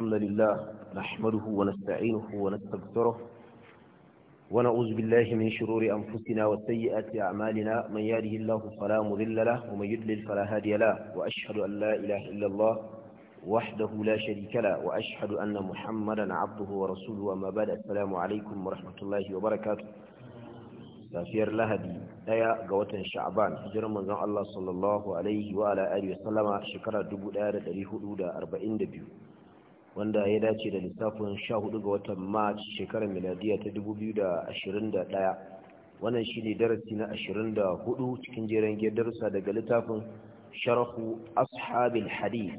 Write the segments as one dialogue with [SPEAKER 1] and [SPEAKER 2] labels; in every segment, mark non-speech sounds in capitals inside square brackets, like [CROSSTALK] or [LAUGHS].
[SPEAKER 1] الحمد لله نحمده ونستعينه ونستغفره ونعوذ بالله من شرور أنفسنا وسيئات أعمالنا من يهده الله فلا مضل له ومن يضلل فلا هادي له وأشهد أن لا إله إلا الله وحده لا شريك له وأشهد أن محمدا عبده ورسوله وما بعد السلام عليكم ورحمة الله وبركاته safiyar lahadi daya ga watan sha'ban hijirar manzon Allah sallallahu alaihi wa ala alihi wa sallama shekara 1442 wanda ya dace da lissafin 14 ga watan march shekarar miladiya ta 2021 wannan shine darasi na 24 cikin jeren giyar darussa daga littafin sharhu ashabil hadith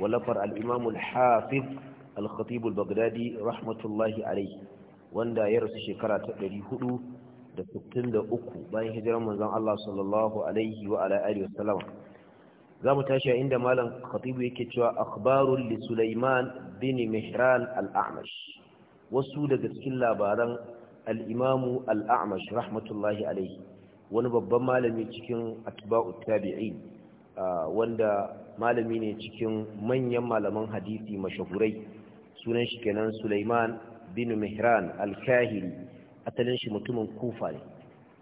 [SPEAKER 1] walafar al-imam al-hafiz al-khatib al-baghdadi rahmatullahi alayhi wanda ya rasu shekara ta 463 bayan hijirar manzon Allah sallallahu alaihi wa ala alihi za mu tashi inda malam khatibu yake cewa akhbarun li Sulaiman bin Mihran al-A'mash wasu daga cikin labaran al-Imam al-A'mash rahmatullahi alayhi wani babban malami cikin atba'u tabi'in wanda malami ne cikin manyan malaman hadisi mashahurai sunan shi kenan Sulaiman bin Mihran al-Kahili asalin shi mutumin Kufa ne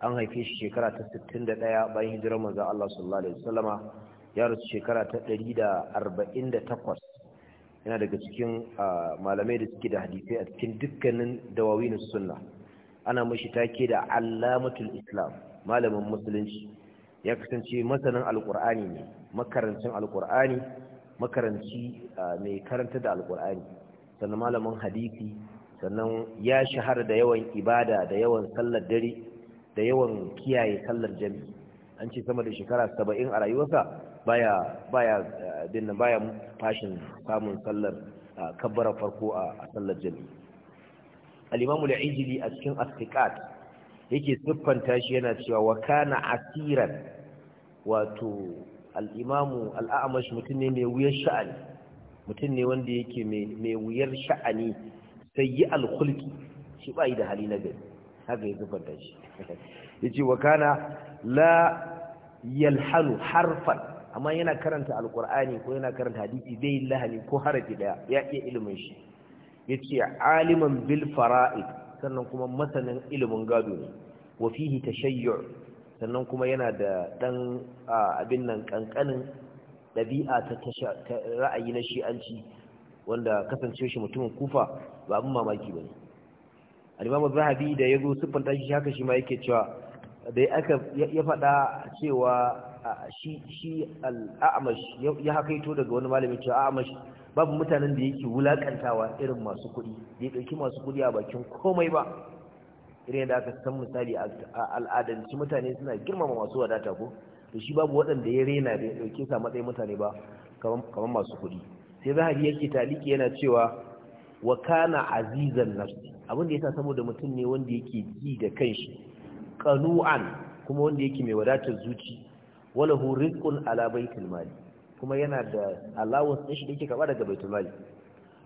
[SPEAKER 1] an haife shi shekara ta 61 bayan hijirar manzo Allah sallallahu alaihi wasallama ya rasu shekara ta 148 yana daga cikin malamai da suke da hadisai a cikin dukkanin dawawinus sunna ana mashi take da alamatul islam malamin musulunci ya kasance masanin alkur'ani ne makarancin alkur'ani makaranci mai karanta da alkur'ani sannan malamin hadisi sannan ya shahara da yawan ibada da yawan sallar dare da yawan kiyaye sallar jami'i an ce sama da shekara saba'in a rayuwarsa baya baya eh, dinna baya fashin samun sallar eh, kabbara farko a sallar jami'i al-imam al-ijli a cikin as-siqat yake siffanta shi yana cewa wa kana asiran wato al-imam al-a'mash mutum ne mai wuyar sha'ani mutum ne wanda yake mai wuyar sha'ani sayyi al-khulqi shi bai da hali na gari haka ya siffanta shi [LAUGHS] yace wa kana la yalhalu harfan amma yana karanta alkur'ani ko yana karanta hadisi zai yi lahani ko harafi daya ya iya ilimin shi ya ce aliman bil fara'id sannan kuma masanin ilimin gado ne wa fihi tashayyu sannan kuma yana da dan abin nan kankanin dabi'a ta ra'ayi na shi'anci wanda kasance shi mutumin kufa ba abin mamaki bane al-imam zahabi da ya yazo siffanta shi haka shi ma yake cewa dai ya faɗa cewa shi shi al'amash ya hakaito daga wani malami cewa al'amash babu mutanen da yake wulakantawa irin masu kuɗi da ya ɗauki masu kuɗi a bakin komai ba irin yadda aka san misali a al'adanci mutane suna girmama masu wadata ko to shi babu waɗanda ya rena da ya ɗauke sa matsayin mutane ba kamar masu kuɗi sai zahabi yake taliki yana cewa wa kana azizan nafsi abin da yasa saboda mutum ne wanda yake ji da kanshi qanu'an kuma wanda yake mai wadatar zuci walahu rizqun ala baitul mali kuma yana da allowance din shi da yake kaba daga baitul mali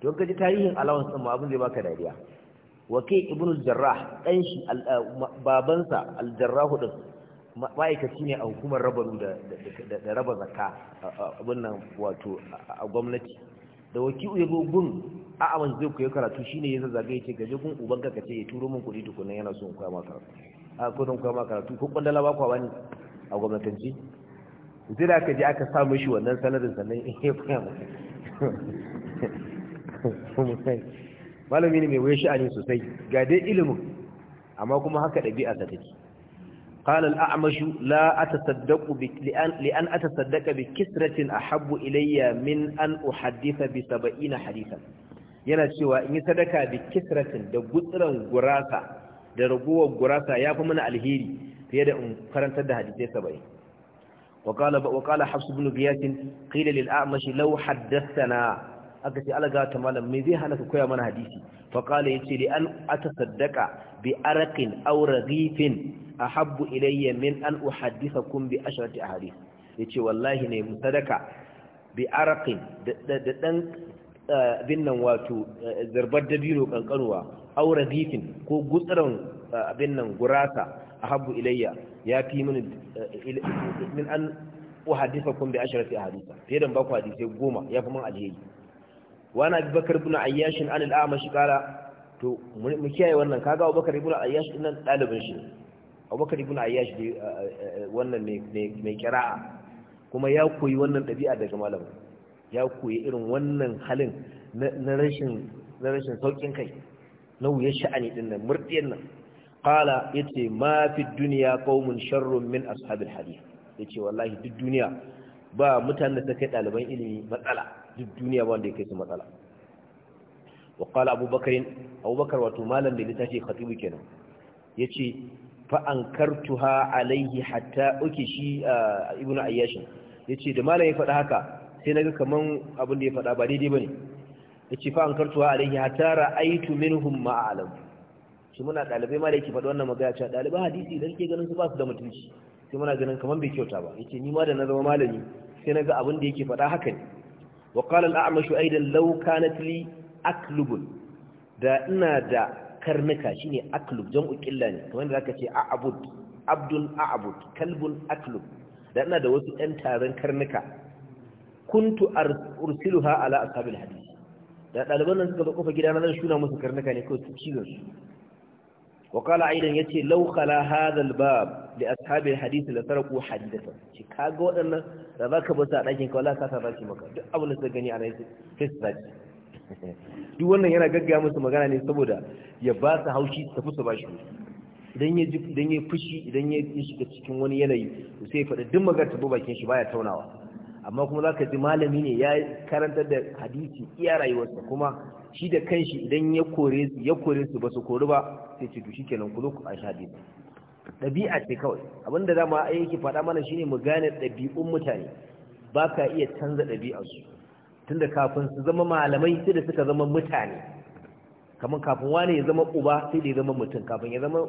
[SPEAKER 1] don kaji tarihin allowance din ma abin zai baka dariya waqi ibn al-jarrah dan shi eh, babansa al-jarrah din ma'aikaci ne a hukumar rabaru da da raba zakka abin nan wato a gwamnati da waki ya zo gun a aman zai ya karatu shine ya zazzaga ya ce gaje gun uban ka ce ya turo min kuɗi tukunan yana so in koya maka karatu a kudin koya maka karatu ko kwandala ba kwa bani a gwamnatanci sai da aka je aka sa mishi wannan sanarin sannan in ya koya masa malami ne mai wuyar sha'ani sosai ga dai ilimin amma kuma haka ɗabi'a ta take قال الأعمش لا أتصدق بك a لأن ilayya min an إلي من أن أحدث na حديثا yana cewa in yi sadaka da kisratin da gutsuran gurasa da ragowar gurasa ya fi mana alheri fiye da in karantar da hadisai saba'i. وقال وقال حفص بن غياث قيل للأعمش لو حدثنا aka ce alaga ta malam me zai hana koya mana hadisi fa qala yace li an atasaddaqa bi araqin aw raghifin ahabbu ilayya min an uhaddithakum bi ashrati ahadith yace wallahi ne musadaka bi araqin da dan abin nan wato zarbar dabino kankanuwa aw raghifin ko gutsuran abin nan gurasa ahabbu ilayya ya fi min eh, an uhadisa kun bi ashrafi ahadisa fiye da ba ku hadisai goma ya fi min alheri wa na bakar ibn ayyashin an al'amashi kala to mu kiyaye wannan kaga abubakar ibn ayyash din nan dalibin shi abubakar ibn ayyash dai eh, eh, wannan mai kira'a kuma ya koyi wannan ɗabi'a daga malam ya koyi irin wannan halin na rashin saukin kai na wuyar sha'ani din nan murɗiyar nan qala yace ma fi dunya qaumun sharrun min ashabil hadith yace wallahi duk duniya ba mutanen da kai ɗaliban ilimi matsala duk duniya ba wanda ya kai su matsala wa qala abubakar abubakar wato malam da litafi khatibu kenan yace fa ankartuha alaihi hatta ukishi ibnu ayyash yace da malam ya faɗa haka sai naga kaman abin da ya faɗa ba daidai bane yace fa ankartuha alaihi hatta ra'aytu minhum ma'alam shi muna ɗalibai ma da yake faɗi wannan magana cewa ɗalibai hadisi da ke ganin su ba su da mutunci sai muna ganin kamar bai kyauta ba yace ni ma da na zama malami sai na ga abin da yake faɗa haka ne wa qala al-a'mashu aidan law kanat li aklubun da ina da karnuka shine aklub jam'u qilla ne kamar da zaka ce a'bud abdun a'bud kalbun aklub da ina da wasu ɗan taron karnuka kuntu ursiluha ala ashabil hadith da ɗaliban nan suka zo kofa gidana zan shuna musu karnuka ne kawai su cizon su وقال أيضا يتي لو خلا هذا الباب لأصحاب الحديث لتركوا حديثا شي كاغو أن ذاك بوسا داكين كولا ساسا باكي مكا duk abin da على gani a rai face wannan yana gaggaya musu magana ne saboda ya ba su haushi tafi ba shi idan ya fushi idan ya shiga cikin wani yanayi sai ya faɗa duk magana ta bakin shi baya taunawa amma kuma za ka ji malami ne ya karantar da hadisi iya rayuwarsa kuma shi da kanshi idan ya kore su ya kore su ba su kori ba sai ce to shikenan ku zo ku an ba ɗabi'a ce kawai abinda da a yake faɗa mana shine mu gane ɗabi'un mutane ba ka iya canza ɗabi'arsu tunda kafin su zama malamai sai da suka zama mutane kamar kafin wani ya zama uba sai da ya zama mutum kafin ya zama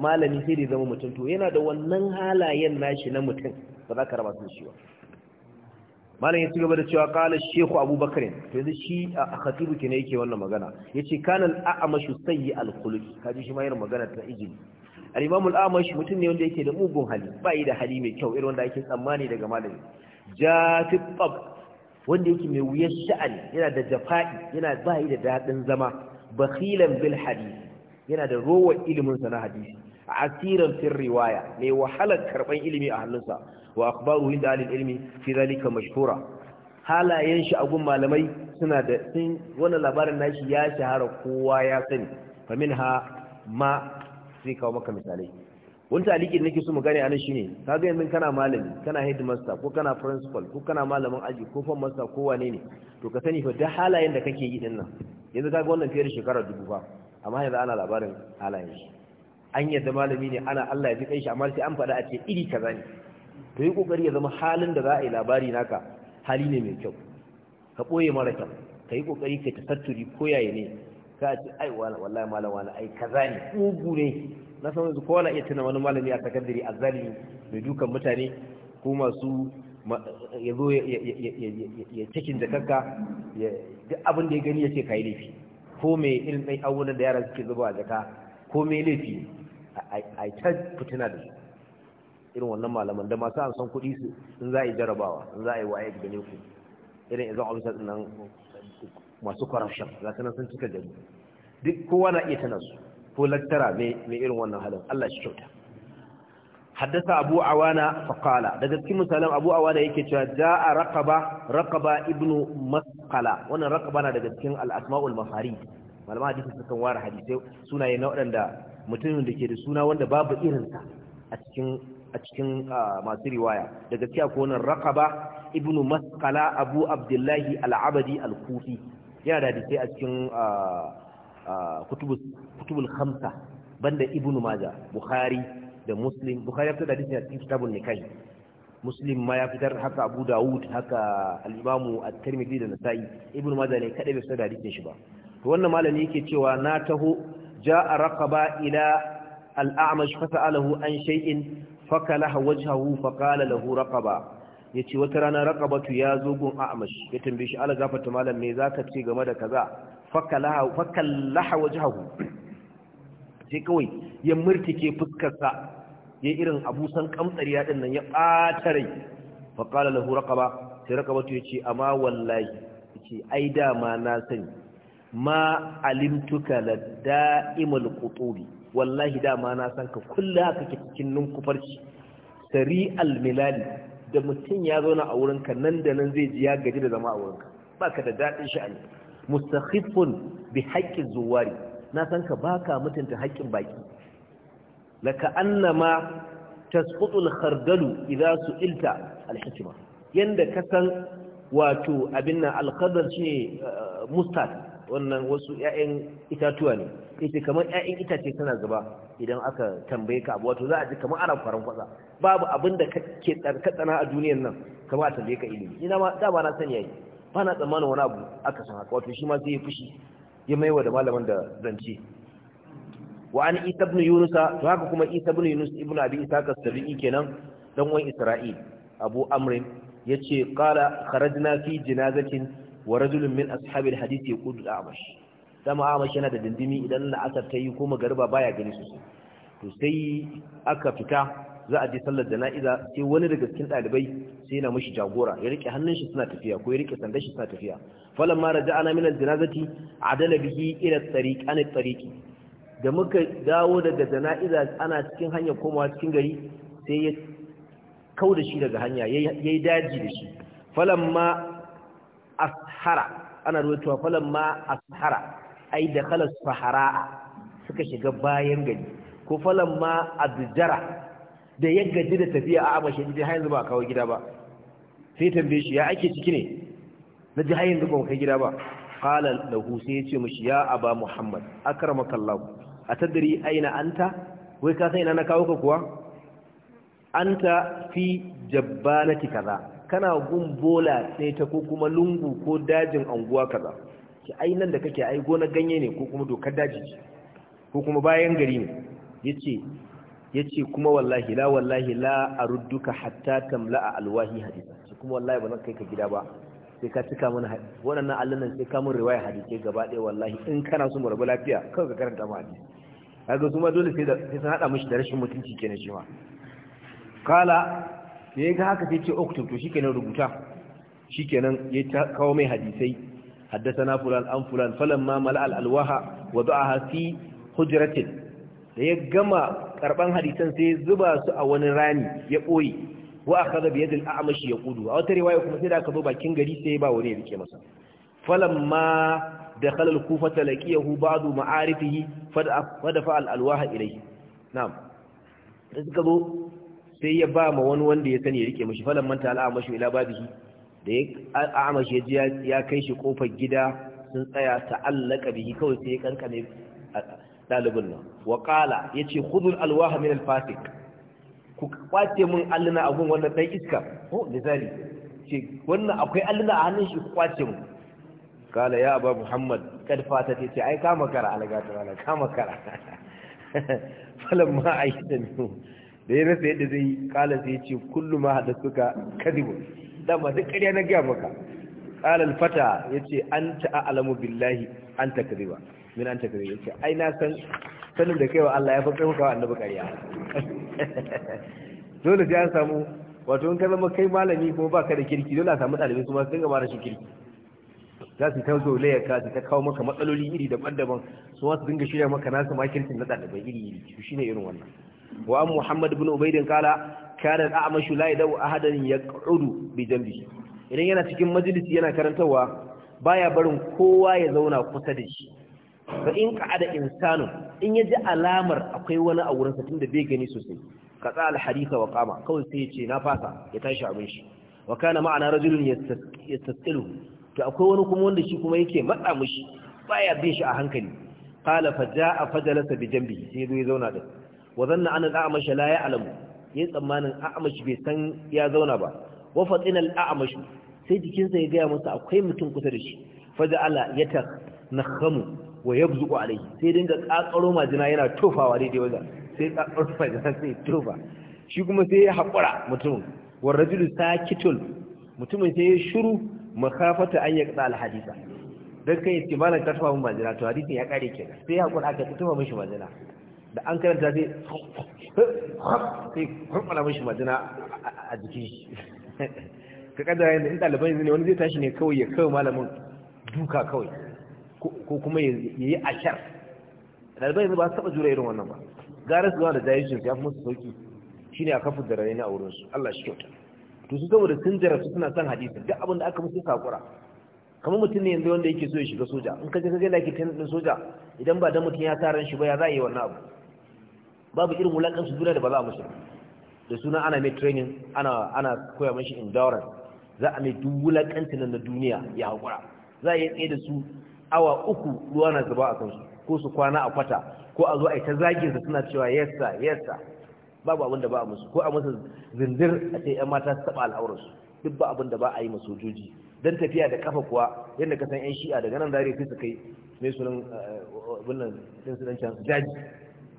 [SPEAKER 1] malami sai da ya zama mutum to yana da wannan halayen nashi na mutum ba za ka raba su shi ba malam ya ci gaba da cewa qala shehu abubakar to yanzu shi a khatibu ne yake wannan magana ce kana al-a'mashu sayyi al-khuluq kaji shi ma yana magana ta ijili al-imam mutum ne wanda yake da mugun hali bai da hali mai kyau irin wanda ake tsammani daga malami jatifab wanda yake mai wuyar sha'ani yana da jafa'i yana yi da dadin zama bakhilan bil yana da rowar ilimin sa na hadisi asiran fil riwaya mai wahalar karban ilimi a hannunsa wa akhbaruhu inda ahli ilmi fi zalika mashhura halayen shi agun malamai suna da sun wannan labarin nashi ya shahara kowa ya sani fa minha ma sai kawo maka misalai wani taliki da nake so mu gane anan shine ga yanzu kana malami kana headmaster ko kana principal ko kana malamin aji ko form master ko wane ne to ka sani fa duk halayen da kake yi din nan yanzu ga wannan fiye da shekara dubu fa amma yanzu ana labarin halayen shi an yadda malami ne ana Allah ya ji kai shi amma sai an faɗa a ce iri kaza ne to yi kokari ya zama halin da za a yi labari naka hali ne mai kyau ka ɓoye mara kyau ka yi kokari ka tatturi koyaye ne ka ce ai wallahi malam wani ai za ne ugu ne na san yanzu kowa na iya tuna wani malami a sakandare a zani mai dukan mutane ko masu ya zo ya cikin jakarka duk abin da ya gani ya ce ka yi laifi ko mai irin ɗan abubuwan da yara suke zuba a jaka ko mai laifi a ta fitina da su irin wannan malaman da masu an san kuɗi su in za a yi jarabawa in za a yi waye da ne ku irin izan ofisar nan masu corruption za ta nan sun cika gari duk kowa na iya tana su ko lattara mai irin wannan halin Allah shi kyauta haddasa abu awana faƙala daga cikin misalin abu awana yake cewa a rakaba rakaba ibnu maskala wannan rakaba na daga cikin al'asma'ul asmaul mafari malama hadisi sukan ware hadisai sunaye na waɗanda mutumin da ke da suna wanda babu irinsa a cikin a cikin masu riwaya daga cewa ko wannan raqaba ibnu masqala abu abdullahi al-abadi al-kufi yana da hadisi a cikin kutubul khamsa banda ibnu maja bukhari da muslim bukhari ya fitar da hadisi a cikin kitabun nikahi muslim ma ya fitar haka abu dawud haka al-imamu at-tirmidhi da nasa'i ibnu maja ne kadai bai fitar da hadisin shi ba to wannan malami yake cewa na taho ja'a raqaba ila al-a'mash fasa'alahu an shay'in fakalaha wajhahu faqala lahu raqaba yace wata rana raqabatu ya zo gun a'mash ya tambaye shi ala gafata malam me zaka ce game da kaza fakalaha fakallaha wajhahu sai kawai ya murtike fuskar sa ya irin abusan kamtsariya din nan ya bata rai faqala lahu raqaba sai raqabatu yace amma wallahi yace ai da ma na sani ma alimtuka ladaimul qutubi wallahi dama na san ka kulla haka ke cikin ninkufarci sari almilali da mutum ya zauna a wurinka nan da nan zai ji ya gaji da zama a wurinka baka da daɗin sha'ani mustahifun bi haƙƙin zuwari na san ka baka mutunta haƙƙin baki ka annama tasqutul khardalu idza su'ilta alhikma yanda ka san wato abin nan shine eh, mustad wannan wasu 'ya'yan itatuwa ne ita kamar ƴaƴan itace suna zuba idan aka tambaye ka abu wato za a ji kamar ana faran kwasa babu abin da ke tsana a duniyar nan kamar a tambaye ka ilimi ina ma dama na sani yayi ba na tsammanin wani abu aka san haka wato shi ma sai ya fushi ya maiwa da malaman da zance wa an isa ibn yunus to haka kuma isa ibn yunus ibn abi isa as-sabi'i kenan dan wani isra'il abu ya yace qala kharajna fi jinazatin wa rajulun min ashabil hadith yaqudu al-amash dama amash yana da dindimi idan la'asar ta yi ko magariba baya gani sosai to sai aka fita za a je sallar jana'iza sai wani daga cikin dalibai sai yana mishi jagora ya rike hannun shi suna tafiya ko ya rike sandar shi suna tafiya falamma raja'ana min al-janazati adala bihi ila at-tariq at-tariqi da muka dawo daga jana'iza ana cikin hanyar komawa cikin gari sai ya kau da shi daga hanya ya yi daji da shi falamma ashara ana ruwaitowa falon ma ashara ai da kalar sahara suka shiga bayan gari ko falon ma adjara da ya gaji da tafiya a amashe ji hayan zuba a kawo gida ba sai tambaye shi ya ake ciki ne na ji hayan zuba kai gida ba qala da sai ya ce mashi ya aba muhammad a atadri aina anta wai ka sai ina na kawo ka kuwa anta fi jabbalati kaza kana gun bola ne ta ko kuma lungu ko dajin anguwa kaza ki ai nan da kake ai gona ganye ne ko kuma dokar daji ce ko kuma bayan gari ne yace yace kuma wallahi la wallahi la arudduka hatta tamla'a alwahi hadisa kuma wallahi ba zan kai ka gida ba sai ka cika mana hadisi wannan nan sai ka mun riwaya hadisi gaba ɗaya wallahi in kana so mu rabu lafiya kawai ka karanta mu hadisi kaga su ma dole sai da sai san hada mishi da rashin mutunci kenan shi ma kala Sai ya ga haka sai ce oktob to shikenan rubuta shikenan ya kawo mai hadisai na fulan an fulan falon mala al alwaha a fi hujratin da ya gama karban hadisan sai ya zuba su a wani rani. ya boye wa akhadha bi yadi al a'mashi yaqulu a wata riwaya kuma sai da aka zo bakin gari sai ba wani ya rike masa falamma da al kufata laqiyahu ba'du ma'arifihi fada fada fa alwaha ilayhi Na da suka zo sai ya ba ma wani wanda ya sani ya rike mashi falon manta al'amashi ila babihi da ya a'amashi ya ya kai shi kofar gida sun tsaya ta'allaka bihi kawai sai ya kankane dalibin nan wa ya ce khudul alwaha min alfasik ku kwace mun alluna abun wannan dan iska ko misali ce wannan akwai alluna a hannun shi ku kwace mu. kala ya aba muhammad kad fata ta ce ai kama kara algata wala kama kara [LAUGHS] falamma aisha minhu da ya rasa yadda zai kala sai ce kullu ma hada suka kadibu dama duk ƙarya na gaya maka kala alfata ce an a'lamu billahi an ta kadiba min ta kadiba ce ai na san sanin da kaiwa Allah ya fakar maka annabi ƙarya [LAUGHS] dole sai an samu wato in ka zama kai malami kuma baka da kirki dole a samu ɗalibai kuma su dinga mara shi kirki za su ta zo layarka su ta kawo maka matsaloli iri daban-daban su ma su dinga shirya maka nasu kirkin na ɗalibai iri iri shi ne irin wannan wa muhammad ibn ubaidin kala kana al'amashu la yadau ahadan yaq'udu bi jambi idan yana cikin majalisi yana karantawa baya barin kowa ya zauna kusa da shi fa in qa'ada insanu in yaji alamar akwai wani a wurin sa tunda bai gani sosai katsa al-haditha wa qama kawai sai ya na fasa ya tashi abin shi wa kana ma'ana rajulun yastasilu to akwai wani kuma wanda shi kuma yake matsa mushi baya bin shi a hankali qala fa jaa fajalasa bi jambi sai ya zauna da shi. wa zanna an al-a'mash la ya'lamu yayin tsammanin a'mash bai san ya zauna ba wa fatina al-a'mash sai jikinsa ya gaya masa akwai mutum kusa da shi Fa ya faja'ala yatanakhamu wa yabzuqu alayhi sai dinga kakaro majina yana tofawa dai-dai wajen sai ta kakaro majina sai tofa shi kuma sai ya haƙura mutum wa rajulu sakitul mutumin sai ya shiru makafata an ya kada alhadisa dan kai ce malan ka tofa mun majina to hadisin ya kare kenan sai ya haƙura aka tofa mishi majina da an karanta sai sai kurkula mashi majina a jikin shi ka kada yanzu, in ɗaliban yanzu ne wani zai tashi ne kawai ya kawai malamin duka kawai ko kuma ya yi ashar ɗaliban yanzu ba su taɓa jura irin wannan ba gara su zuwa da jayishin ya fi musu sauki ne a kafin da rane a wurinsu Allah shi kyauta to su saboda sun jarabtu suna son hadisi duk abin da aka musu kakura kamar mutum ne yanzu wanda yake so ya shiga soja in ka je ka je lakitin din soja idan ba dan mutum ya taran shi ba ya za a yi wannan abu babu irin wulakan su duniya da ba za a musu da suna ana mai training ana ana koya mashi endurance za a mai duk tunan na duniya ya hakura za a yi tsaye da su awa uku ruwa na zuba a kansu ko su kwana a kwata ko a zo a yi ta zagin su suna cewa yes sir yes sir babu abin da ba a musu ko a musu zindir a ce yan mata su taba al'aurarsu duk ba abin da ba a yi masu sojoji dan tafiya da kafa kuwa yadda ka san yan shi'a daga nan dare sai su kai mai sunan wannan eh, din su dan can daji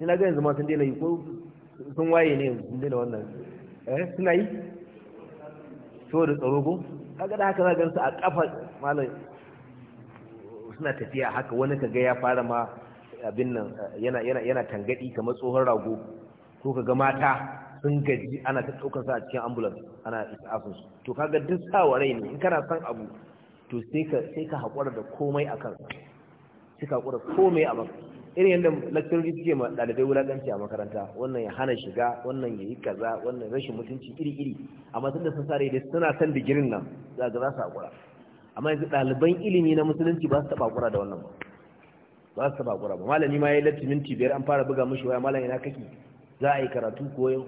[SPEAKER 1] ni na ga yanzu ma sun daina yi ko sun waye ne yanzu sun daina wannan eh suna yi da tsaro ko kaga da haka za gansu a kafa malam suna tafiya haka wani kaga ya fara ma abin nan yana yana yana tangadi kamar tsohon rago ko kaga mata sun gaji ana ta daukar sa a cikin ambulance ana isafin su to kaga duk sawa rai ne in kana son abu to sai ka sai ka hakura da komai akan sai ka hakura komai a baka irin yadda lakcarori suke ma ɗalibai wulaƙanci a makaranta wannan ya hana shiga wannan ya yi kaza wannan rashin mutunci iri-iri amma tun da sun sare dai suna san digirin nan za ga za su haƙura amma yanzu ɗaliban ilimi na musulunci ba su taɓa haƙura da wannan ba ba su taɓa haƙura ba malami ma ya yi latti minti biyar an fara buga mishi waya malam ina kake za a yi karatu ko yau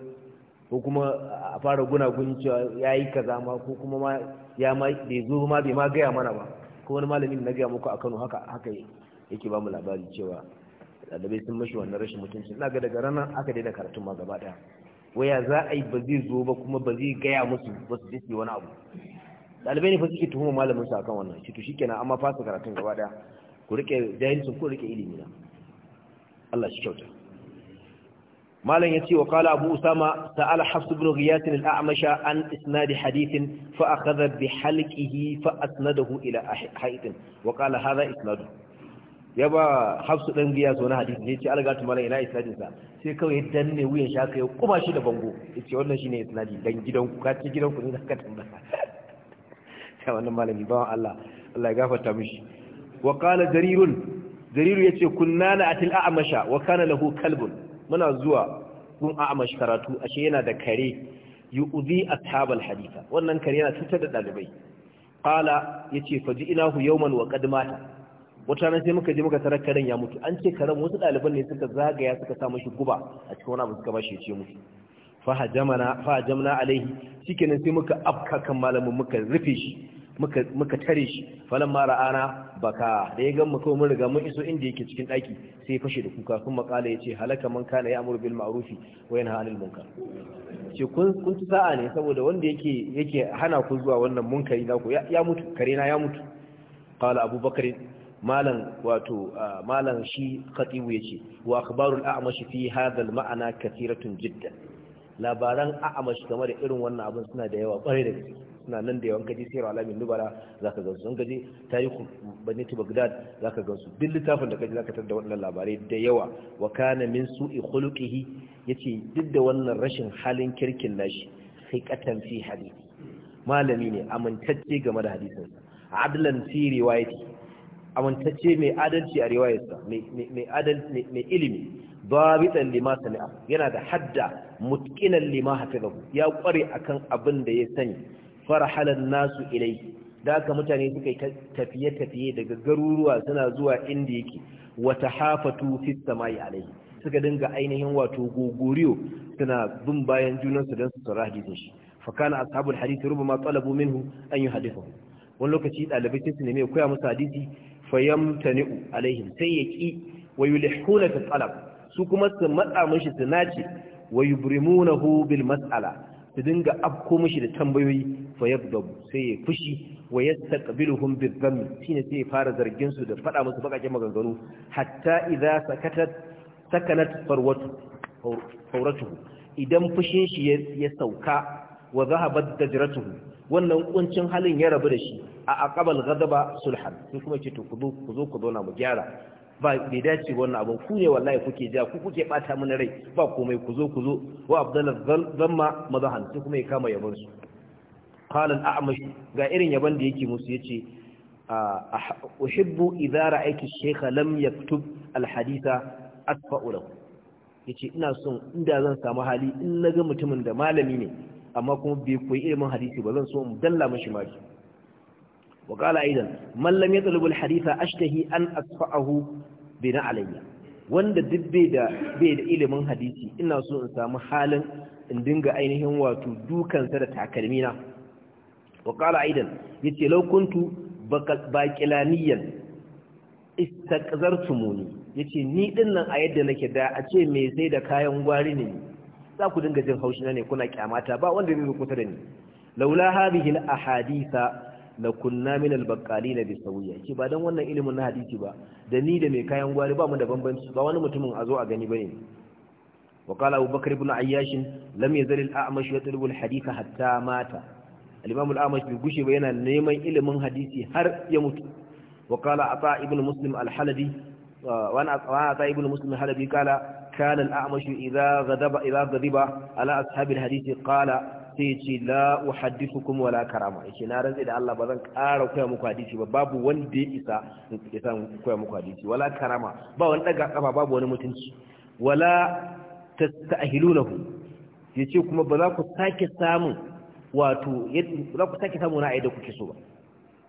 [SPEAKER 1] ko kuma a fara gunagun cewa ya yi kaza ma ko kuma ma ya ma bai zo ma bai ma gaya mana ba ko wani malamin na gaya muku a kano haka haka yake ba mu labari cewa ɗalibai sun mashi wannan rashin mutunci na ga daga ranar aka daina karatun ma gaba ɗaya waya za a yi ba zai zo ba kuma ba zai gaya musu ba su je wani abu ɗalibai ne fa suke tuhuma malamin su akan wannan shi to shikenan amma fasa karatun gaba ɗaya ku rike jahilcin ku rike ilimi na Allah shi kyauta malam yace wa qala abu usama sa'al hafs ibn ghiyas al an isnadi hadithin fa akhadha bi halqihi fa asnadahu ila ha'itin wa qala hadha isnaduhu ya ba hafsu ɗan giya so na hadisi ya ce algatu mala ina isnadin sa sai kawai danne wuyan shi aka ya kuma shi da bango yace wannan shine isnadi dan gidan ku ka ci gidan ku ne zaka tambaya ta [LAUGHS] wannan malami bawan Allah Allah ya gafarta mishi wa qala jarirun jariru yace kunna na atil a'masha wa kana lahu kalbun muna zuwa gun a'mash karatu ashe yana da kare yu'zi ashabal haditha wannan kare yana cutar da dalibai qala yace faji'inahu yawman wa qad mata wata ranar sai muka je muka tarar karen ya mutu an ce karen wasu ɗaliban ne suka zagaya suka sa mashi guba a cikin wani abu suka bashi ya ce mutu fahajamna alaihi shikenan sai muka afka kan malamin muka rufe shi muka tare shi falan mara ana baka da ya gan mu kawai mun riga mun iso inda yake cikin ɗaki, sai fashe da kuka makala ya ce halaka man kana ya amur bil ma'rufi wa yanha halin munkar ce kun kun ci sa'a ne saboda wanda yake yake hana ku zuwa wannan munkari na ku ya mutu kare na ya mutu qala abubakar malam wato malam shi khatibu yace wa akhbarul a'mash fi hadha al-ma'na kathiratun jidda. labaran a'mash game da irin wannan abin suna da yawa kwarai da gaske suna nan da yawan kaji sayar alamin nubala zaka ga su kaji tarihu baniti bagdad zaka ga su duk littafin da kaji zaka tar da wannan labarai da yawa wa kana min su'i khuluqihi yace duk da wannan rashin halin kirkin nashi hiqatan fi hadisi malami ne amintacce game da hadisin adlan fi riwayati amintacce mai adalci a riwayarsa mai mai ilimi babitan lima sami'a yana da hadda mutkinan lima hafi hafizahu ya kware kan abin da ya sani halar nasu ilai da aka mutane suka yi tafiye-tafiye daga garuruwa suna zuwa inda yake wata hafatu fi samai alai suka dinga ainihin wato gogoriyo suna bin bayan junansu don su tsara hadisin shi fakana ashabul hadisi ma talabu minhu an yi yuhadithu wani lokaci ɗalibai sun su nemi ya koya musu hadisi fayamtani'u alaihim sai ya ƙi wa yulihuna fi tsalab, su kuma su matsa mashi su nace wa yubrimunahu bil matsala, su dinga afko mashi da tambayoyi fa yabdabu sai ya fushi wa yastaqbiluhum bil shi ne sai ya fara zargin su da faɗa musu bakakken maganganu hatta idza sakatat sakanat farwatu fauratuhu idan fushin shi ya sauka wa zahabat dajratuhu wannan kuncin halin ya rabu da shi a aqabal ghadaba sulhan sai kuma ce to ku zo ku zo ku mu gyara ba bai dace wannan abun ku ne wallahi kuke ja ku kuke bata mana rai ba komai ku zo ku zo wa abdalal zamma madahan sai kuma ya kama yaban su qala al-a'mash ga irin yaban da yake musu yace ah, uhibbu idha ra'aytu shaykha lam yaktub al-haditha asfa'u lahu yace ina son inda zan samu hali in naga mutumin da malami ne amma kuma bai koyi ilimin hadisi ba zan so in dalla mashi mari وقال أيضا من لم يطلب الحديث أشتهي أن أصفعه بناء علي wanda duk bai da bai da ilimin hadisi ina so in samu halin in dinga ainihin wato dukansa da takalmina wa qala aidan yace law kuntu baqilaniyan istaqzartumuni yace ni dinnan a yadda nake da a ce me sai da kayan gwari ne za ku dinga jin haushi ne kuna kyamata ba wanda zai kusa da ni laula hadhihi al ahaditha la kunna min al-baqali na bisawiya ce ba dan wannan ilimin na hadisi ba da ni da mai kayan gwari ba mu da bambanci ba wani mutumin a zo a gani bane wa qala Abu Bakr ibn Ayyash lam yazal al-A'mash yatlubu al-hadith hatta mata al-Imam al-A'mash bi gushe yana neman ilimin hadisi har ya mutu wa qala Ata ibn Muslim al-Halabi wa ana Ata ibn Muslim al-Halabi qala kana al-A'mash idha ghadaba idha ghadiba ala ashabi al-hadith qala sai ya ce la uhaddithukum wala karama yake na rantsi da Allah ba zan ƙara koya muku hadisi ba babu wanda ya isa ya san koya muku hadisi wala karama ba wani daga kafa babu wani mutunci wala tastahilunahu yace kuma ba za ku sake samu wato za ku sake samu na aida kuke so ba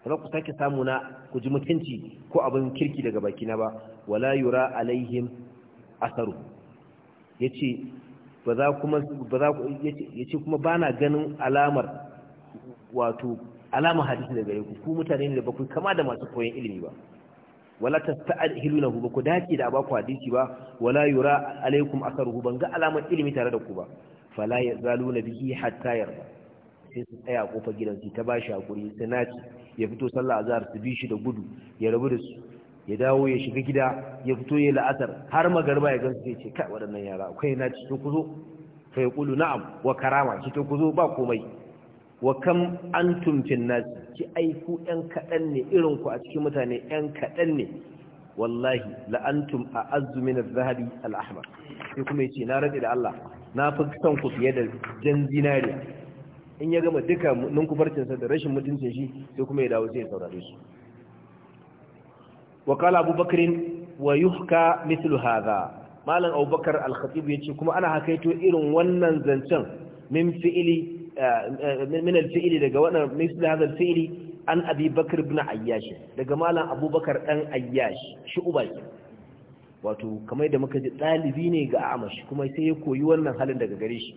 [SPEAKER 1] ba ku sake samu na ku ji mutunci ko abin kirki daga bakina ba wala yura alaihim asaru yace ba za kuma ba za yace kuma na ganin alamar wato alama hadisi daga ku ku mutane ne da bakwai kama da masu koyon ilimi ba wala tasta'hilunahu ba ku dace da abaku hadisi ba wala yura alaikum asaruhu ban ga alamar ilimi tare da ku ba fala yazaluna bihi hatta yarda sai su tsaya kofar su ta ba shi hakuri sai naci ya fito sallah azhar su bi shi da gudu ya rabu da su ya dawo ya shiga gida ya fito ya la'asar har magarba ya gansu sai ce kai waɗannan yara akwai na ci to ku kudu na'am wa karama ci to ba komai wa kam antum fin nas ci ai ku ɗan kaɗan ne irin ku a cikin mutane yan kaɗan ne wallahi la a a'azzu min adh-dhahabi al-ahmar sai kuma yace na rade da Allah na fi son ku fiye da jan zinariya in ya gama duka nun kubarcin sa da rashin mutuncin shi sai kuma ya dawo sai ya saurare su wa qala Abu Bakr malam Abu Bakar ya ce yace kuma ana hakaito irin wannan zancen min fi'ili eh, min fiili daga wannan mithlu fiili an Abi Bakr ibn Ayyash daga malam Abu Bakar dan Ayyash shi uba wato kamar da muka ji ɗalibi ne ga Amash kuma sai ya koyi wannan halin daga gare shi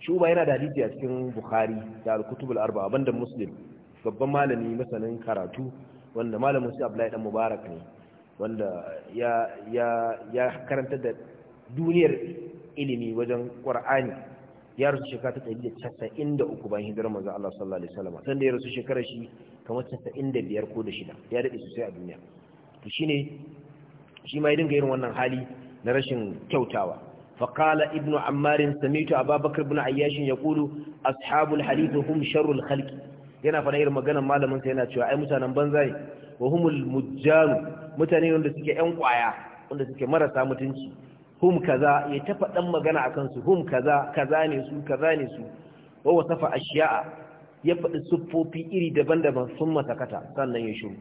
[SPEAKER 1] shi yana da a cikin Bukhari da al-Kutub al-Arba'a banda Muslim babban malami masanin karatu wanda malamin su Abdullahi dan Mubarak ne wanda ya ya ya karanta da duniyar ilimi wajen Qur'ani ya rasu shekara ta da 193 bayan hijirar manzon Allah sallallahu alaihi wasallam sanda ya rasu shekara shi kamar 95 ko da shida ya dade sosai a duniya to shine shi ma ya dinga yin wannan hali na rashin kyautawa فقال ابن عمار سمعت أبا بكر بن عياش يقول أصحاب الحديث هم شر الخلق yana faɗa irin maganar malamin sa yana cewa ai mutanen banza ne wa humul mujjanu mutane wanda suke yan kwaya wanda suke marasa mutunci hum kaza ya tafa ɗan magana akan su hum kaza kaza ne su kaza ne su wa wasafa ashiya'a ya faɗi siffofi iri daban-daban sun masakata sannan ya shiru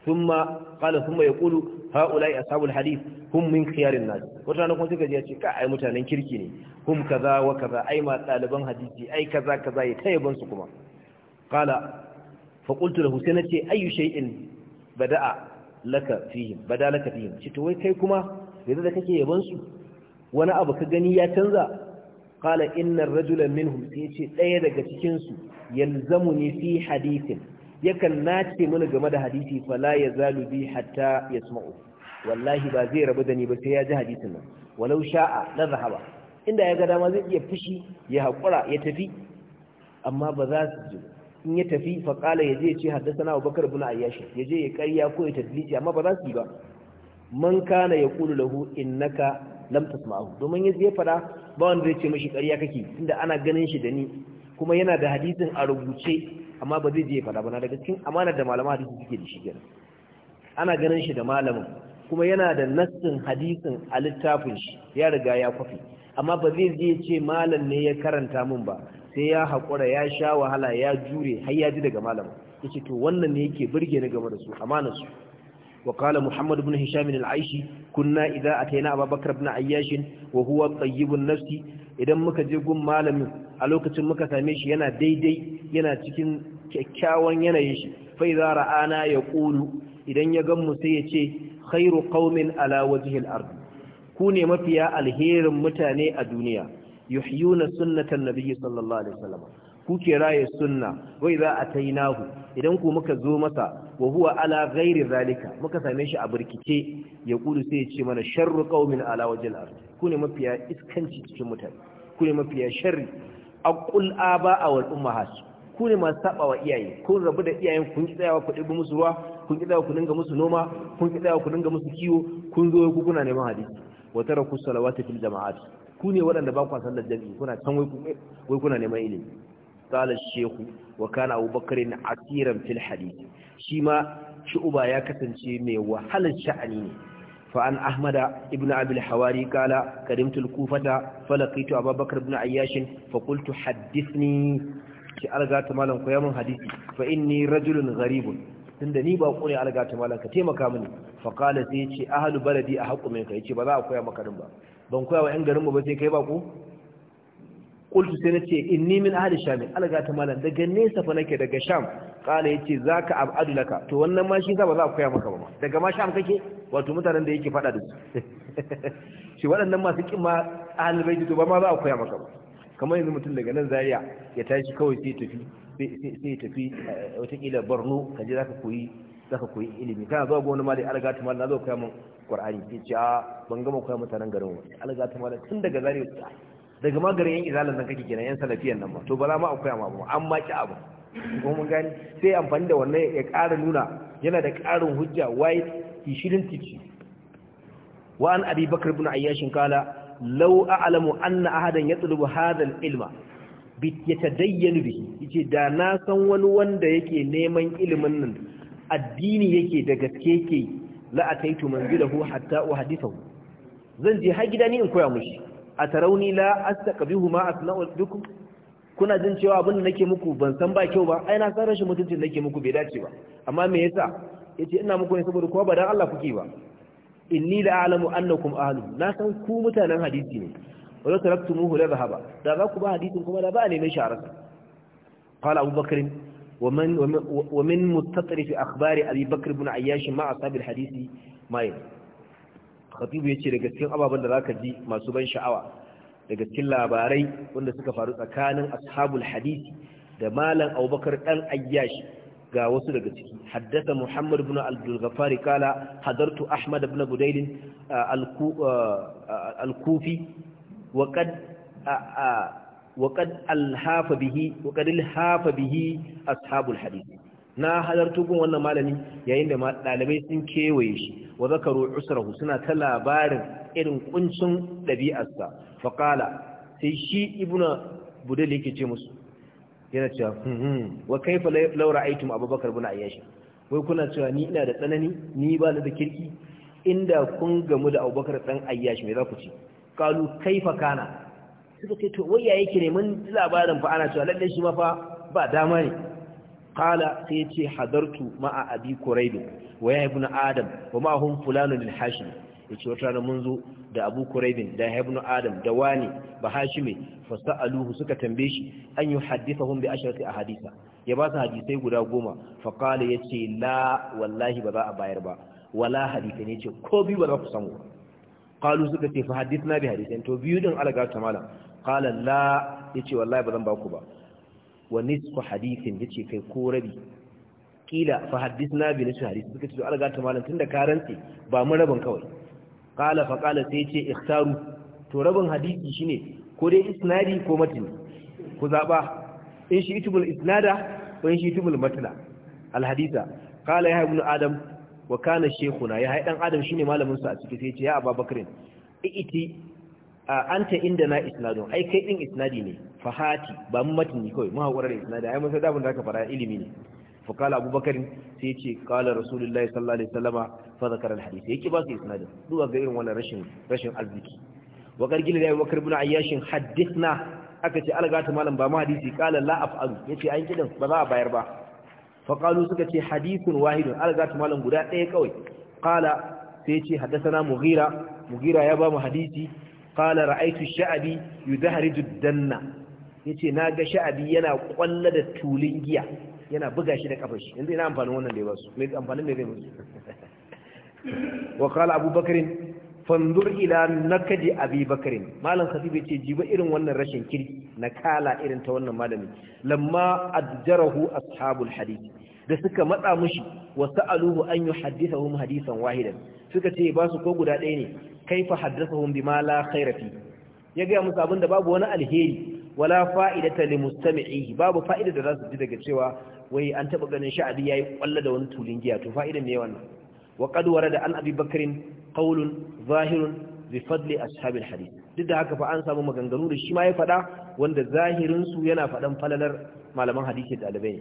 [SPEAKER 1] ثم قال ثم يقول هؤلاء أصحاب الحديث هم من خيار الناس وتانا كون suka je ce ka ai mutanen kirki ne hum kaza wa kaza ai ma taliban hadisi ai kaza kaza ya tayyaban su kuma qala fa qultu lahu sai nace ayu shay'in bada'a laka fihim bada laka fihim ce wai kai kuma yanzu da kake yaban su wani abu ka gani ya canza qala inna ar-rajula minhum sai ce daya daga cikin su yalzamuni fi hadithin yakan nace mana game da hadisi fala yazalu bi hatta yasma'u wallahi ba zai rabu da ni ba sai ya ji hadisin nan walau sha'a la zahaba inda ya ga dama zai iya fushi ya haƙura ya tafi amma ba za su ji in ya tafi faƙala ya je ya ce haddasa abu bakar bin ayyashi ya je ya karya ko ya tadlisi amma ba za su yi ba man kana ya ƙulu lahu innaka lam tasma'ahu domin ya zai fada ba wanda zai ce mashi ƙarya kake tunda ana ganin shi da ni kuma yana da hadisin a rubuce amma ba zai je ya fada ba na daga cikin amana da malama hadisi suke da shi kenan ana ganin shi da malamin kuma yana da nassin hadisin a littafin shi ya riga ya kwafi amma ba zai je ya ce malam ne ya karanta min ba sai ya haƙura ya sha wahala ya jure har ya ji daga malama yace to wannan ne yake burge ni game da su amana su wa qala muhammad ibn hisham al-aishi kunna idza ataina abubakar ibn ayyash wa huwa an nafsi idan muka je gun malamin a lokacin muka same shi yana daidai yana cikin kyakkyawan yanayin shi fa idza ra'ana yaqulu idan ya gan mu sai ya ce khairu qaumin ala wajhi al-ard ku ne mafiya alherin mutane a duniya yuhyuna sunnatan nabiyyi sallallahu alaihi wasallam kuke raye sunna wai za a tainahu idan ku muka zo masa wa huwa ala ghairi zalika muka same shi a burkice ya kudu sai ya ce mana sharru qaumin ala wajhil ard ku ne mafiya iskanci cikin mutane ku ne mafiya sharri aqul aba awal ummahat ku ne masu saba wa iyaye kun rabu da iyayen kun ki tsayawa ku dubi musu ruwa kun ki tsayawa ku dinga musu noma kun ki tsayawa ku dinga musu kiwo kun zo ku kuna neman hadisi wa taraku salawati fil jama'at ku ne waɗanda ba kwa sallar jami'i kuna can wai kuna neman ilimi tsala shehu wa kana abu bakare na asiran fil hadisi shi ma shi ya kasance mai wahalar sha'ani ne fa’an ahmada ibn abil hawari kala karimtul kufata falakaitu a babakar ibn ayyashin fakultu hadisni shi algata malam ku yamin hadisi fa in ni rajulun garibun tun da ni ba ku ne algata malam ka taimaka mini fa kala sai ce ahalu baladi a haƙumin ka ya ce ba za a koya makarin ban koya wa 'yan garinmu ba sai kai baku. ƙultu sai na ce in min ahali shami alaga ta malam daga nesa fa nake daga sham ƙala ya ce za ka abadu laka to wannan ma shi za ba za a koya maka ba daga ma sham kake wato mutanen da yake faɗa da su [LAUGHS] shi waɗannan masu ƙin ma ahalin bai to ba ma za a koya maka ba kamar yanzu mutum daga nan zaria ya tashi kawai sai tafi sai tafi eh, watakila borno kaje za ka koyi zaka koyi ilimi kana zuwa ga wani malai algatu ta na zo koya mun qur'ani sai ce a ban gama koya mutanen garin wani algatu ta tun daga zare daga ma garin yan izalan nan kake kenan yan salafiyan nan ma to ba za ma akwai ma ba an ma ki abu ko mun gani sai amfani da wannan ya ƙara nuna yana da ƙarin hujja why he shouldn't teach wa an abi bakr ibn ayyash kala law a'lamu anna ahadan yatlubu hadha al-ilma bi yatadayyanu bihi yace da na san wani wanda yake neman ilimin nan addini yake da gaske yake la ataitu manzilahu hatta uhaddithu zan je har gida ni in koya mushi a tarauni la astaqbihu ma asna'u bikum kuna jin cewa abin da nake muku ban san ba kyau ba ai na san rashin mutuncin da nake muku bai dace ba amma me yasa yace ina muku ne saboda kuwa ba dan Allah kuke ba inni la a'lamu annakum ahlu na san ku mutanen hadisi ne wala taraktumuhu la zahaba da za ku ba hadisin kuma da ba ne mai sharaka qala abubakar ومن ومن مستطرف اخبار ابي بكر بن عياش مع اصحاب الحديث ما خطيب daga cikin ababen da zaka ji masu ban sha'awa daga cikin labarai wanda suka faru tsakanin ashabul hadisi da malam Abubakar dan Ayyash ga wasu daga ciki haddasa Muhammad ibn Abdul kala hadartu Ahmad ibn Budayl al-Kufi wa qad وقد الهاف به وقد الهاف به اصحاب الحديث na halartu gun wannan malami yayin da ɗalibai sun kewaye shi wa zakaru usrahu suna ta labarin irin kuncin dabi'arsa fa sai shi ibnu budal yake ce musu yana cewa hmm wa kaifa law ra'aytum abubakar ibn ayyash wai kuna cewa ni ina da tsanani ni ba ni da kirki inda kun gamu da abubakar dan ayyash me za ku ci kalu kaifa kana suka ce to wai ya yake ne mun labarin fa ana cewa lalle shi ma fa ba dama ne qala sai ya ce hadartu ma'a abi quraib wa ya ibnu adam wa ma hum fulanun al-hashim yace wata rana mun zo da abu quraib da ya ibnu adam da wani ba hashimi fa sa'aluhu suka tambaye shi an yuhaddithahum bi ashrati ahadisa ya ba su hadisai guda goma fa qala yace la wallahi ba za a bayar ba wala hadithai ne ce ko bi ba za ku samu qalu suka ce fa hadithna bi hadithin to biyu din alaga ta malam qala la yace wallahi ba zan ba ku ba wa nisfu hadithin yace kai ko rabi kila fa hadithna bi nisfu hadith suka ce to alaga ta malam tunda ka rantsi ba mu rabin kawai qala fa qala sai yace ikhtaru to rabin hadisi shine ko dai isnadi ko matni ku zaba in shi itubul isnada ko in shi itubul matna al haditha qala ya ibn adam wa kana shekuna ya haɗan adam shine malamin sa a ciki sai ce ya ababakrin iti anta inda na isnadun ai kai ɗin isnadi ne fahati ba mu matini kawai mu haƙura da isnadi ai mun sai dabin da aka fara ilimi ne fa abu abubakar sai ce kala rasulullahi sallallahu alaihi wasallama fa zakara ya yake ba su isnadin duba ga irin wannan rashin rashin arziki wa gargil da a yashin ayyashin na. aka ce algata malam ba mu hadisi kala la Ya ce an kidan ba za a bayar ba faƙalu suka ce hadithun wahidun algatu malam guda ɗaya kawai ƙala sai ce haddasana mughira mughira ya ba mu hadisi ƙala ra'aitu sha'abi yu danna ya ce na ga sha'abi yana ƙwalla da tulun giya yana buga shi da ƙafar shi yanzu ina amfani wannan da ya ba su mai amfanin mai zai musu wa ƙala abubakarin fanzur ila nakaji abi bakarin malam khatib yace jiba irin wannan rashin kirki na kala irin ta wannan malami lamma adjarahu ashabul hadith da suka matsa mushi wa sa'aluhu an hun hadisan wahidan suka ce ba su ko guda ɗaya ne kaifa haddathahum bima la khaira ya gaya musu da babu wani alheri wala fa'idata li mustami'ihi babu fa'ida da za su ji daga cewa wai an taba ganin ya yayi kwalla da wani tulin giya to fa'idan ne wannan wa qad da an abi bakrin qawlun zahirun bi fadli ashabil hadis duk da haka fa an samu maganganu da shi ma ya faɗa wanda zahirin su yana faɗan falalar malaman hadisi da dalibai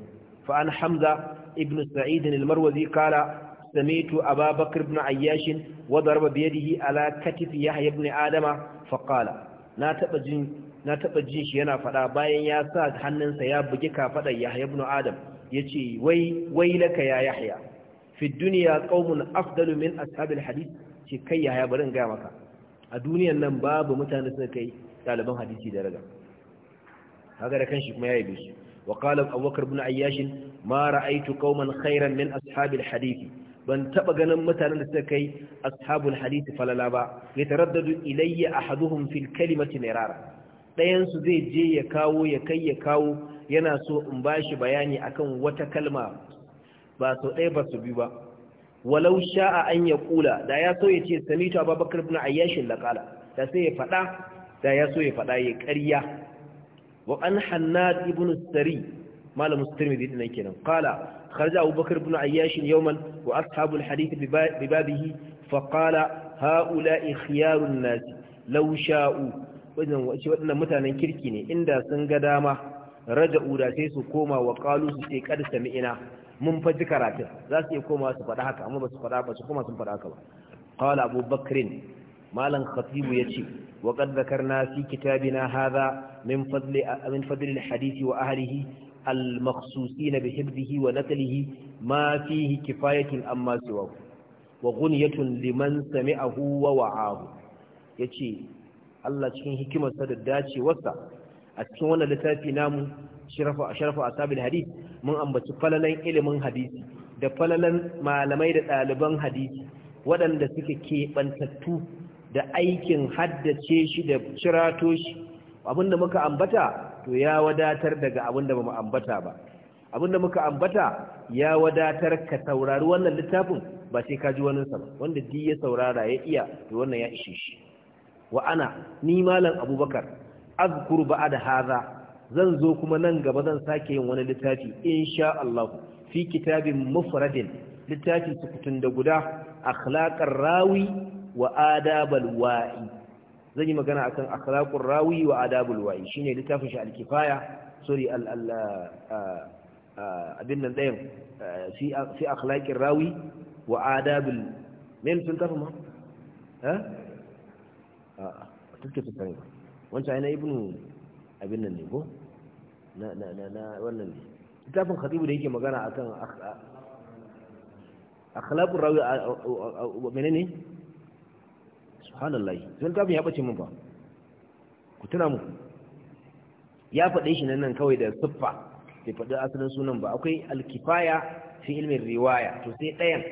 [SPEAKER 1] فعن Hamza ابن سعيد المروزي قال سميت أبا بكر بن عياش وضرب بيده على كتف يحيى بن آدم na taba jin shi yana faɗa bayan ya sa hannunsa ya bugi kafaɗar yahya ibn adam ya ce wai wai laka ya yahya fi duniya qaumun afdalu min ashabil hadith ce kai yahya bari in ga maka a duniyan nan babu mutane suka kai ɗaliban hadisi da raga kaga da kanshi kuma ya yi bishi وقال abubakar بكر بن mara aitu kauman قوما خيرا من أصحاب ban taba ganin mutanen da suka kai ashabul hadisi falala ba ya taraddadu ilayya ahaduhum fil kalimati mirara dayan su zai je ya kawo ya kai ya kawo yana so in bashi bayani akan wata kalma ba so ɗaya ba biyu ba walau sha'a an ya kula da ya so ya ce samitu abubakar ibn ayyashin laqala da sai ya fada da ya so ya fada ya ƙarya wa an hannad ibn sari malamin tirmidhi din kenan qala kharaja abubakar ibn ayyashin yawman wa ashabu alhadith bi babihi fa qala haula'i khiyarun nas law sha'u wannan wace mutanen kirki ne inda sun ga dama raja'u da sai su koma wa qalu su sai kad sami'ina mun faji karatun za su iya koma su faɗa haka amma ba su faɗa ba su koma sun faɗa haka ba qala abubakrin malam khatibu ya ce wa qad na fi kitabina hadha min fadli min fadli al wa ahlihi al na bi hibdihi wa naqlihi ma fihi kifayatun amma siwahu wa ghunyatun liman sami'ahu wa Ya ce, Allah cikin hikimarsa da dacewarsa a cikin wannan littafi namu a asabil hadisi? mun ambaci falalan ilimin hadisi da falalan malamai da ɗaliban hadisi waɗanda suke keɓantattu da aikin haddace shi da cirato shi abinda muka ambata to ya wadatar daga abinda ba mu ambata ba abinda muka ambata ya wadatar ka saurari wannan littafin ba sai ka ji wani sa wanda duk ya saurara ya iya to wannan ya ishe shi wa ana ni malam abubakar azkuru da hadha zan zo kuma nan gaba zan sake yin wani littafi insha Allah fi kitabin mufradin littafin sukutun da guda akhlaqar rawi wa adabal wa'i zan yi magana akan akhlaqur rawi wa adabul wa'i shine littafin shi al-kifaya sorry al abin nan dayan fi akhlaqir rawi wa adabul men sun tafi ma Ha? a tuke tuke ne wancan ai na ibnu abin nan ne ko na na na wannan ne littafin khatibu da yake magana akan akhlaqur rawi menene subhanallahi sun tafin ya bace mu ba ku tuna mu ya faɗe shi nan kawai da siffa bai faɗi asalin sunan ba akwai alkifaya fi ilmin riwaya to sai ɗayan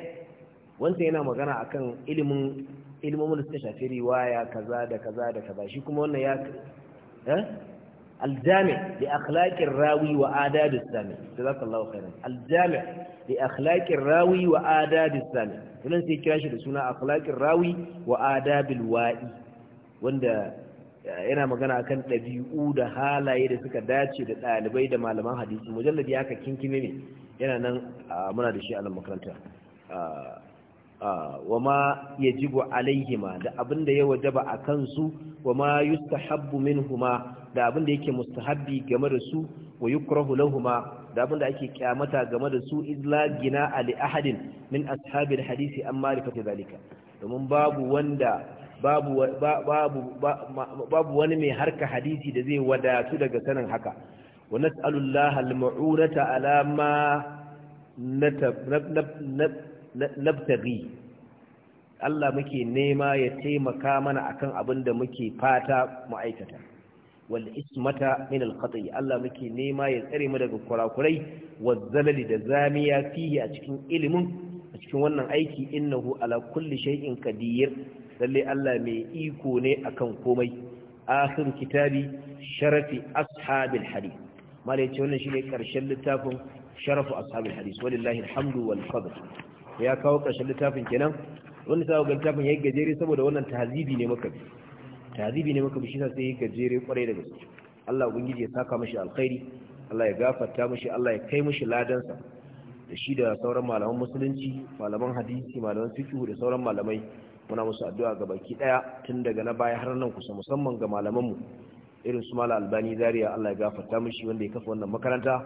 [SPEAKER 1] wanda yana magana akan ilimin ilmomin da suka shafi riwaya kaza da kaza da kaza shi kuma wannan ya eh الجامع لأخلاق الراوي وآداب السامع جزاك الله خيرا الجامع لأخلاق الراوي وآداب السامع wannan sai kira shi da suna akhlaqir rawi wa wa'i wanda yana magana akan ɗabi'u da halaye da suka dace da ɗalibai da malaman hadisi Mujallar haka kinkime ne yana nan muna da shi a makaranta wa ma yajibu alaihima da abinda ya wajaba a kansu wa ma yustahabbu minhuma da abin da yake mustahabbi game da su wa yukrahu lahuma da abin da ake kyamata game da su izla gina ali ahadin min ashabil hadisi an ma'rifati zalika domin babu wanda babu wani mai harka hadisi da zai wadatu daga sanin haka wa nas'alullaha al-ma'unata ala ma Allah muke nema ya taimaka mana akan abin da muke fata mu aikata wal ismata min al Allah muke nema ya tsare mu daga kurakurai wa zalali da zamiya fihi a cikin ilimin a cikin wannan aiki innahu ala kulli shay'in qadir lalle Allah mai iko ne akan komai akhir kitabi sharafi ashabil hadith malai ce wannan shine karshen littafin sharafu ashabil hadith walillahi alhamdu wal fadl ya kawo karshen littafin kenan wannan sai ga littafin yayi gajere saboda wannan tahzibi ne muka bi tazibi ne maka bishi sai ka kwarai da gaske Allah ubangiji ya saka mashi alkhairi Allah ya gafarta mashi Allah ya kai mashi ladansa da shi da sauran malaman musulunci malaman hadisi malaman fiqh da sauran malamai muna musu addu'a ga baki daya tun daga na baya har nan kusa musamman ga malamanmu irin su mala albani zaria Allah ya gafarta mishi wanda ya kafa wannan makaranta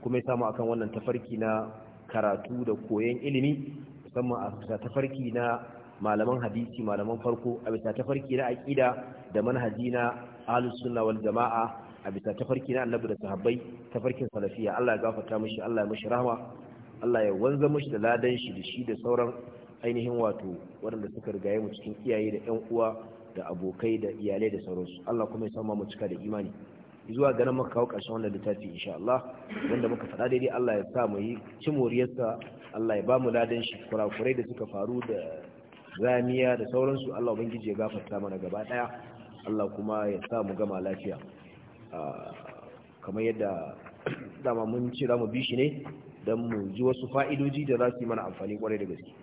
[SPEAKER 1] kuma ya samu akan wannan tafarki na karatu da koyon ilimi musamman a tafarki na malaman hadisi malaman farko a bisa tafarki na aƙida da manhaji na ahlus wal jama'a a bisa tafarki na annabi da sahabbai tafarkin salafiya Allah ya gafarta mishi Allah ya mishi rahama Allah ya wanza mishi da ladan shi da shi da sauran ainihin wato waɗanda suka rigaye mu cikin iyaye da ƴan uwa da abokai da iyalai da sauransu Allah kuma ya samu mu cika da imani zuwa ganin muka kawo ƙarshen wannan littafi insha Allah wanda muka faɗa daidai Allah ya sa mu yi cimoriyarsa Allah ya ba mu ladan shi kurakurai da suka faru da zaniya da sauransu Allah ubangiji ya gafarta mana gaba daya Allah kuma ya sa mu gama lafiya ah, kamar yadda [COUGHS] dama mun ce za mu bi shi ne don mu ji wasu fa'idoji da za su yi mana amfani kwarai da gaske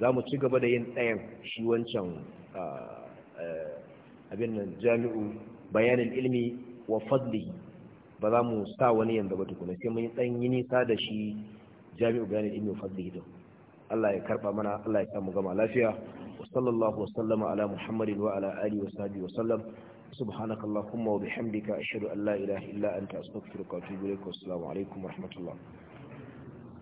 [SPEAKER 1] za mu ci gaba da yin ɗayan shi wancan ah, eh, abin nan jami'u bayanin ilmi wa fadli ba za mu sa wani yanzu ba tukuna sai mun yi ɗan yi nisa da shi jami'u bayanin ilmi wa fadli don Allah ya karba mana Allah ya samu gama lafiya wa sallallahu wa ala Muhammadin wa ala alihi wa sahbihi wa sallam subhanakallahumma wa bihamdika ashhadu an la illa anta astaghfiruka wa atubu ilaik wa assalamu alaikum wa rahmatullah